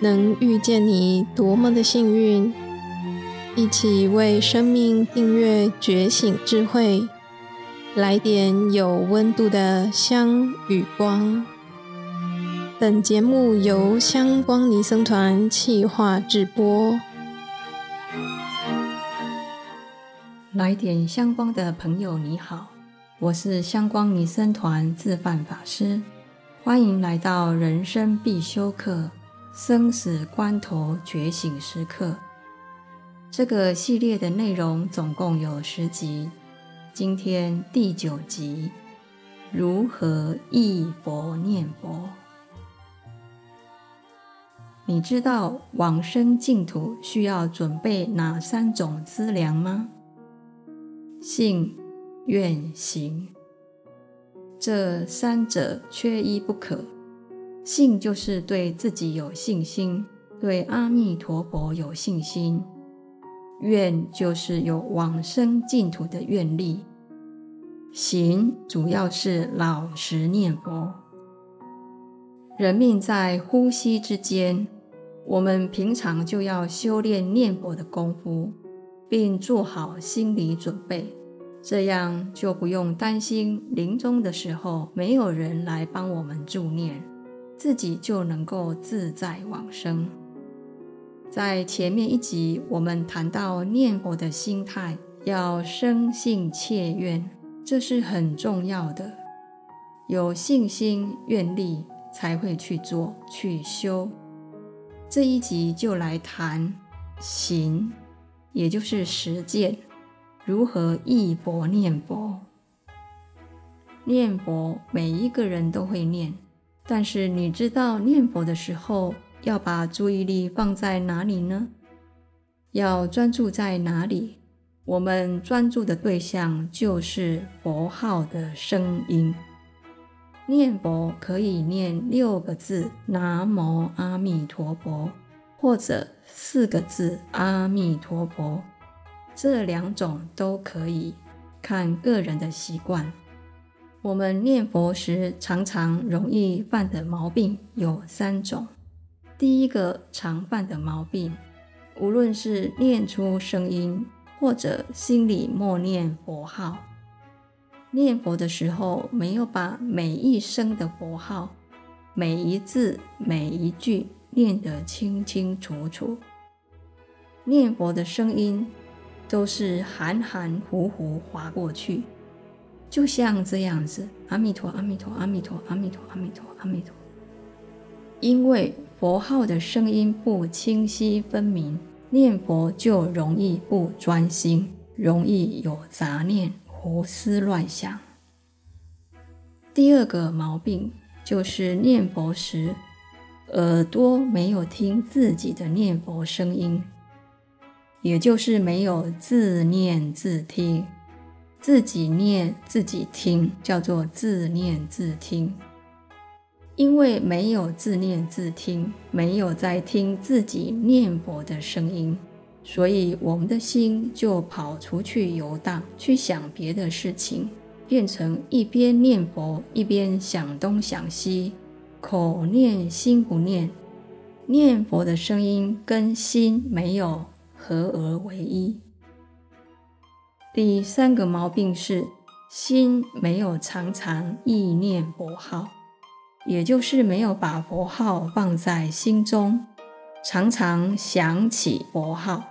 能遇見你，多麼的幸運！一起為生命訂閱覺，覺醒智慧，來點有溫度的香與光。本節目由香光尼僧團企劃製播。來點香光的朋友，你好，我是香光尼僧團自範法師。歡迎來到人生必修課——生死關頭覺醒時刻。這個系列的內容總共有十集，今天第九集：如何憶佛念佛？你知道往生淨土需要準備哪三種資糧嗎？信、願、行。這三者缺一不可。信就是對自己有信心，對阿彌陀佛有信心；願就是有往生淨土的願力；行主要是老實念佛。人命在呼吸之間，我們平常就要修煉念佛的功夫，並做好心理準備。這樣就不用擔心臨終的時候沒有人來幫我們助念，自己就能夠自在往生。在前面一集，我們談到念佛的心態要生信切願，這是很重要的。有信心願力才會去做，去修。這一集就來談行，也就是實踐。如何憶佛念佛？念佛，每一個人都會念，但是你知道念佛的時候要把注意力放在哪裡呢？要專注在哪裡？我們專注的對象就是佛號的聲音。念佛可以念六個字“南無阿彌陀佛”，或者四個字“阿彌陀佛”。這兩種都可以，看個人的習慣。我們念佛時常常容易犯的毛病有三種。第一個常犯的毛病，無論是念出聲音或者心裡默念佛號，念佛的時候沒有把每一聲的佛號、每一字、每一句念得清清楚楚，念佛的聲音。都是含含糊糊劃過去，就像這樣子。阿彌陀，阿彌陀，阿彌陀，阿彌陀，阿彌陀，阿彌陀。因為佛號的聲音不清晰分明，念佛就容易不專心，容易有雜念、胡思亂想。第二個毛病就是念佛時，耳朵沒有聽自己的念佛聲音。也就是沒有自念自聽，自己念自己聽，叫做自念自聽。因為沒有自念自聽，沒有在聽自己念佛的聲音，所以我們的心就跑出去遊蕩，去想別的事情，變成一邊念佛一邊想東想西，口念心不念。念佛的聲音跟心沒有。合而為一。第三個毛病是心沒有常常憶念佛號，也就是沒有把佛號放在心中，常常想起佛號，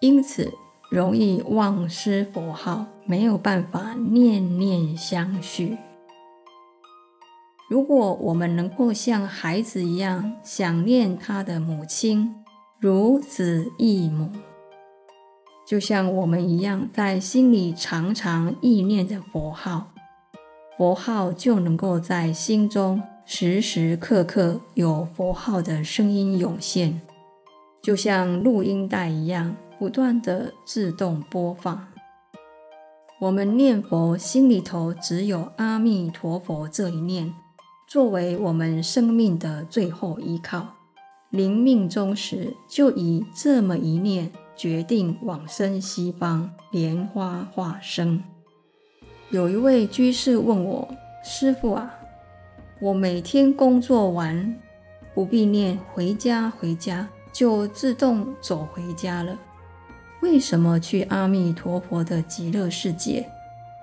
因此容易忘失佛號，沒有辦法念念相續。如果我們能夠像孩子一樣想念他的母親，如子憶母，就像我們一樣，在心裡常常憶念着佛號，佛號就能夠在心中時時刻刻有佛號的聲音湧現，就像錄音帶一樣，不斷地自動播放。我們念佛，心裡頭只有阿彌陀佛這一念，作為我們生命的最後依靠。臨命終時，就以這麼一念決定往生西方蓮花化生。有一位居士問我：“師父啊，我每天工作完，不必念回家，回家就自動走回家了。為什麼去阿彌陀佛的極樂世界，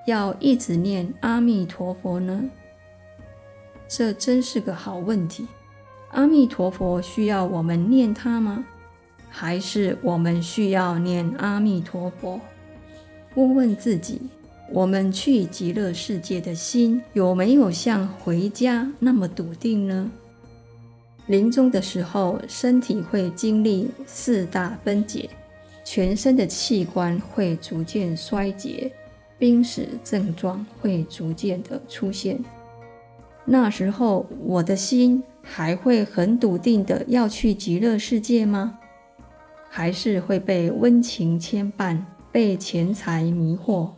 要一直念阿彌陀佛呢？”這真是個好問題。阿彌陀佛，需要我們念他嗎？還是我們需要念阿彌陀佛？問問自己，我們去極樂世界的心有沒有像回家那麼篤定呢？臨終的時候，身體會經歷四大分解，全身的器官會逐漸衰竭，瀕死症狀會逐漸的出現。那時候，我的心，還會很篤定的要去極樂世界嗎？還是會被溫情牽絆，被錢財迷惑？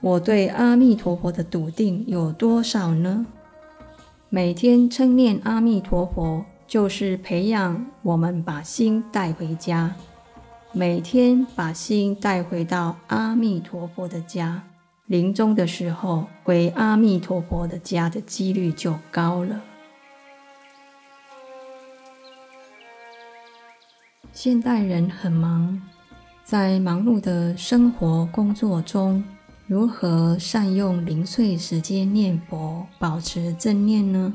我對阿彌陀佛的篤定有多少呢？每天稱念阿彌陀佛，就是培養我們把心帶回家。每天把心帶回到阿彌陀佛的家，臨終的時候歸阿彌陀佛的家的幾率就高了。現代人很忙，在忙碌的生活工作中，如何善用零碎時間念佛，保持正念呢？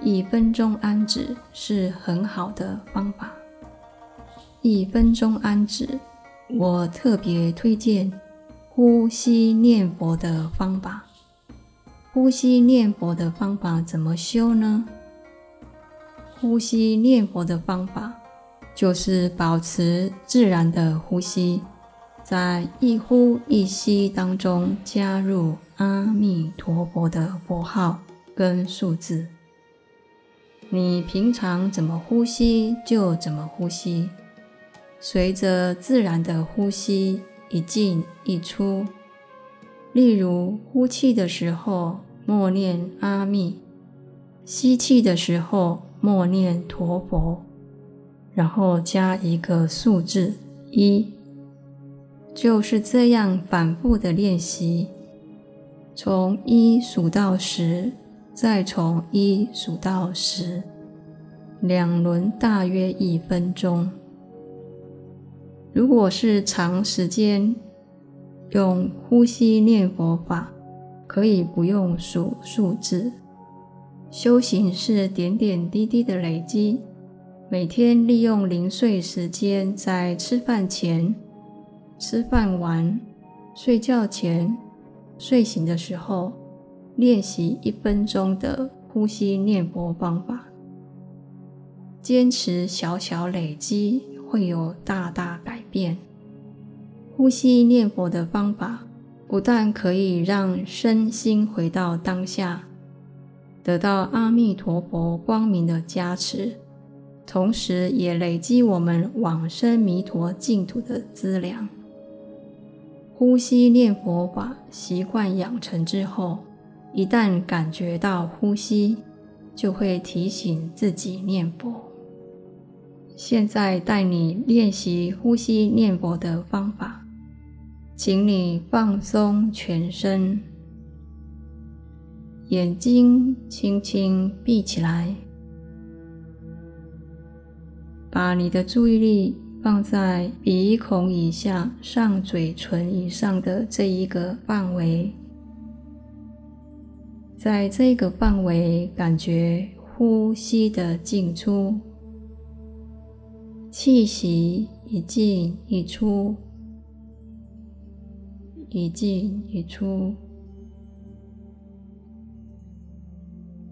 一分鐘安止是很好的方法。一分鐘安止，我特別推薦呼吸念佛的方法。呼吸念佛的方法怎麼修呢？呼吸念佛的方法。就是保持自然的呼吸，在一呼一吸當中加入阿彌陀佛的佛號跟數字。你平常怎麼呼吸就怎麼呼吸，隨着自然的呼吸一進一出。例如，呼氣的時候默念阿彌，吸氣的時候默念陀佛。然後加一個數字一，就是這樣反覆的練習，從一數到十，再從一數到十，兩輪大約一分鐘。如果是長時間用呼吸念佛法，可以不用數數字，修行是點點滴滴的累積。每天利用零碎時間，在吃飯前、吃飯完、睡覺前、睡醒的時候，練習一分鐘的呼吸念佛方法。堅持小小累積，會有大大改變。呼吸念佛的方法，不但可以讓身心回到當下，得到阿彌陀佛光明的加持。同時，也累積我們往生彌陀淨土的資糧。呼吸念佛法習慣養成之後，一旦感覺到呼吸，就會提醒自己念佛。現在帶你練習呼吸念佛的方法，請你放鬆全身，眼睛輕輕閉起來。把你的注意力放在鼻孔以下、上嘴唇以上的這一個範圍，在這個範圍，感覺呼吸的進出，氣息一進一出，一進一出。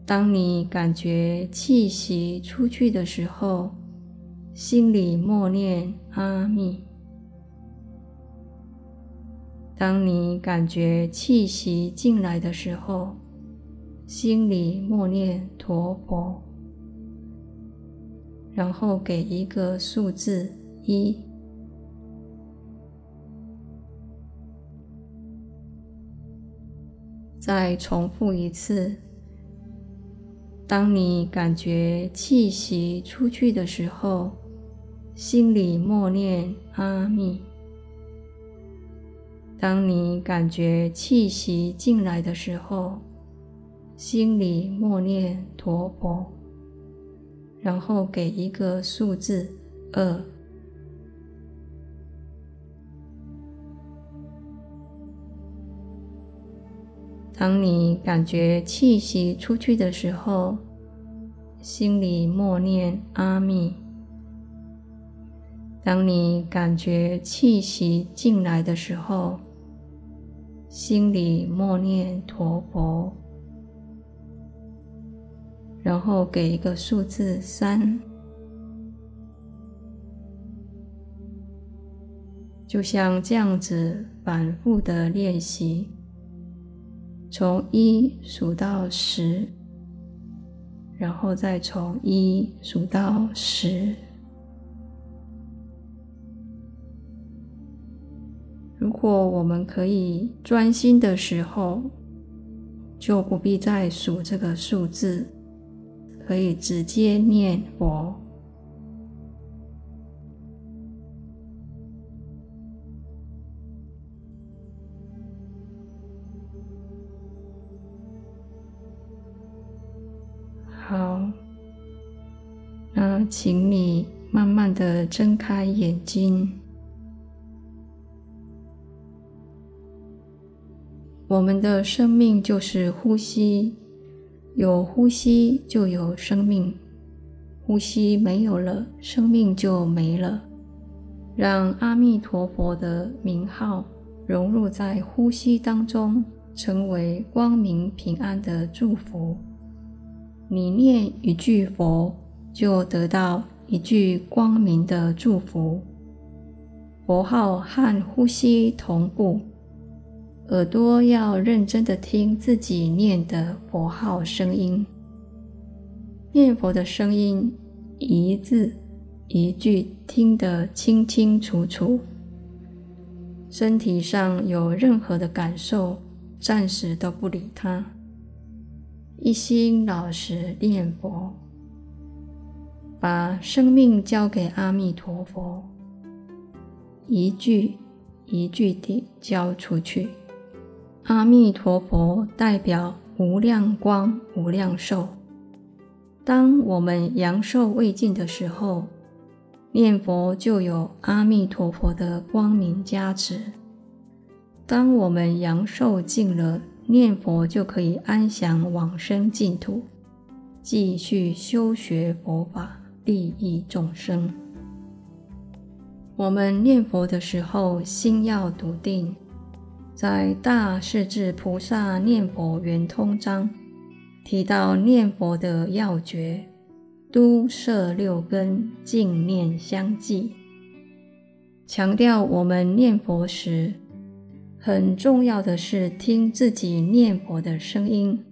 當你感覺氣息出去的時候，心裡默念阿彌。當你感覺氣息進來的時候，心裡默念陀佛，然後給一個數字一，再重複一次。當你感覺氣息出去的時候。心裡默念阿彌。當你感覺氣息進來的時候，心裡默念陀佛，然後給一個數字二。當你感覺氣息出去的時候，心裡默念阿彌。當你感覺氣息進來的時候，心裡默念“陀佛”，然後給一個數字三，就像這樣子反覆的練習，從一數到十，然後再從一數到十。如果我們可以專心的時候，就不必再數這個數字，可以直接念佛。好，那請你慢慢的睜開眼睛。我們的生命就是呼吸，有呼吸就有生命，呼吸沒有了，生命就沒了。讓阿彌陀佛的名號融入在呼吸當中，成為光明平安的祝福。你念一句佛，就得到一句光明的祝福。佛號和呼吸同步。耳朵要認真地聽自己念的佛號聲音，念佛的聲音一字一句聽得清清楚楚。身體上有任何的感受，暫時都不理他，一心老實念佛，把生命交給阿彌陀佛，一句一句地交出去。阿彌陀佛代表無量光、無量壽。當我們陽壽未盡的時候，念佛就有阿彌陀佛的光明加持；當我們陽壽盡了，念佛就可以安詳往生淨土，繼續修學佛法，利益眾生。我們念佛的時候，心要篤定。在《大勢至菩薩念佛圓通章》提到念佛的要訣，都攝六根，淨念相繼。強調我們念佛時，很重要的是聽自己念佛的聲音。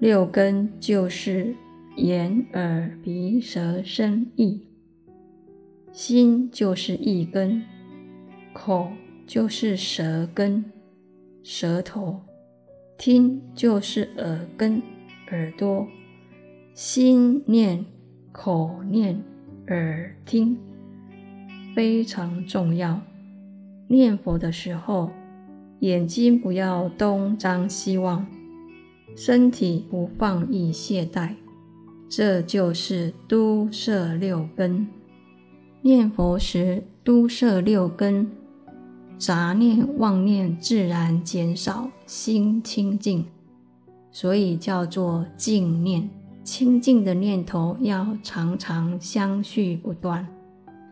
六根就是眼、耳、鼻、舌、身、意，心就是一根口。就是舌根、舌頭，聽就是耳根、耳朵，心念、口念、耳聽，非常重要。念佛的時候，眼睛不要東張西望，身體不放逸懈怠，這就是都攝六根。念佛時都攝六根。雜念、妄念，自然減少，心清淨，所以叫做淨念。清淨的念頭要常常相續不斷，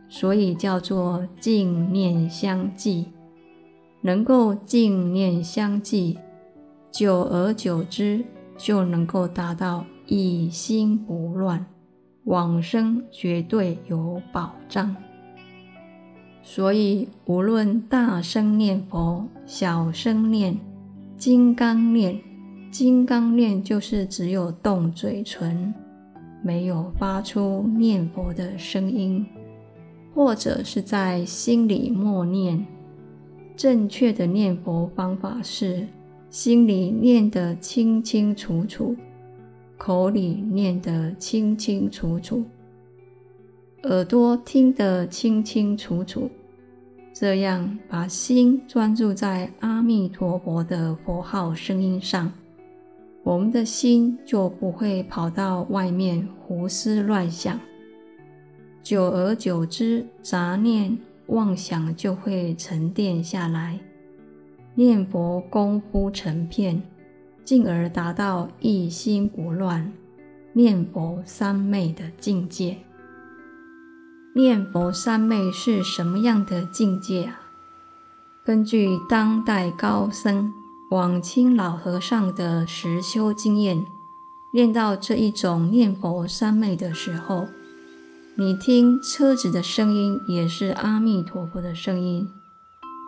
所以叫做淨念相繼。能夠淨念相繼，久而久之，就能夠達到一心不亂，往生絕對有保障。所以，無論大聲念佛、小聲念、金剛念、金剛念，就是只有動嘴唇，沒有發出念佛的聲音，或者是在心裡默念。正確的念佛方法是，心裡念得清清楚楚，口裡念得清清楚楚。耳朵聽得清清楚楚，這樣把心專注在阿彌陀佛的佛號聲音上，我們的心就不會跑到外面胡思亂想。久而久之，雜念妄想就會沉澱下來，念佛功夫成片，進而達到一心不亂、念佛三昧的境界。念佛三昧是什麼樣的境界啊？根據當代高僧廣欽老和尚的實修經驗，練到這一種念佛三昧的時候，你聽車子的聲音也是阿彌陀佛的聲音，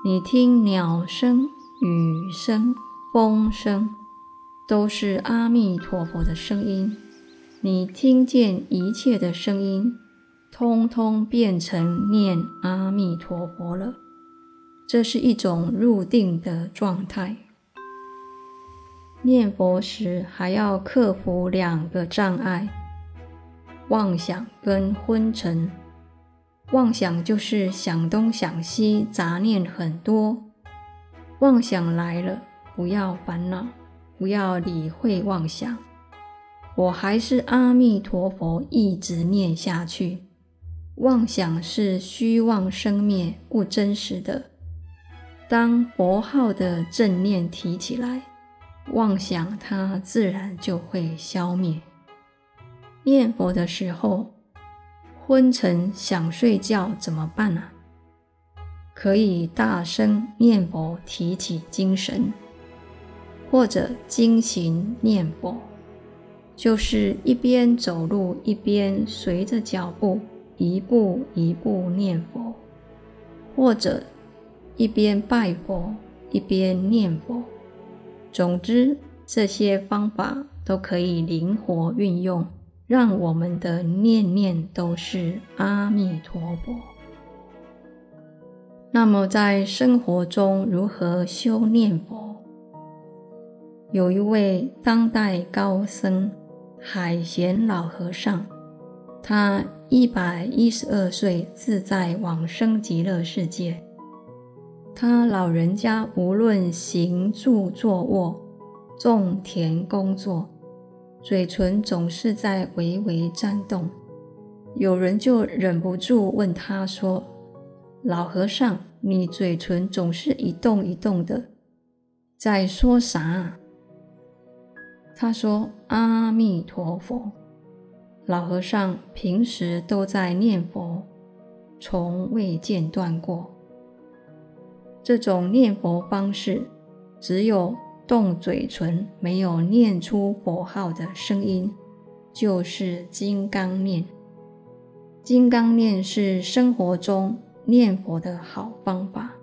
你聽鳥聲、雨聲、風聲都是阿彌陀佛的聲音，你聽見一切的聲音，通通變成念阿彌陀佛了，這是一種入定的狀態。念佛時還要克服兩個障礙：妄想跟昏沉。妄想就是想東想西，雜念很多。妄想來了，不要煩惱，不要理會妄想，我還是阿彌陀佛，一直念下去。妄想是虛妄生滅，不真實的。當佛號的正念提起來，妄想它自然就會消滅。念佛的時候，昏沉想睡覺怎麼辦呢、啊？可以大聲念佛提起精神，或者經行念佛，就是一邊走路一邊隨着腳步。一步一步念佛，或者一邊拜佛一邊念佛，總之這些方法都可以靈活運用，讓我們的念念都是阿彌陀佛。那麼在生活中如何修念佛？有一位當代高僧，海賢老和尚，他一百一十二歲自在往生極樂世界。他老人家無論行、住、坐、臥，種田工作，嘴唇總是在微微顫動。有人就忍不住問他說：“老和尚，你嘴唇總是一動一動的，在說啥？”他說：“阿彌陀佛。”老和尚平時都在念佛，從未間斷過。這種念佛方式，只有動嘴唇，沒有念出佛號的聲音，就是金剛念。金剛念是生活中念佛的好方法，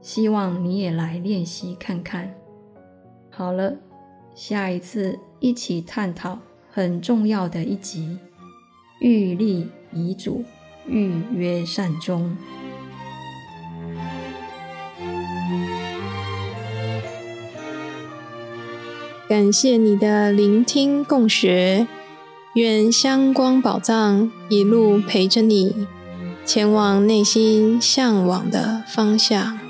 希望你也來練習看看。好了，下一次一起探討。很重要的一集，預立遺囑，預約善終。感謝你的聆聽共學，願香光寶藏一路陪着你，前往內心向往的方向。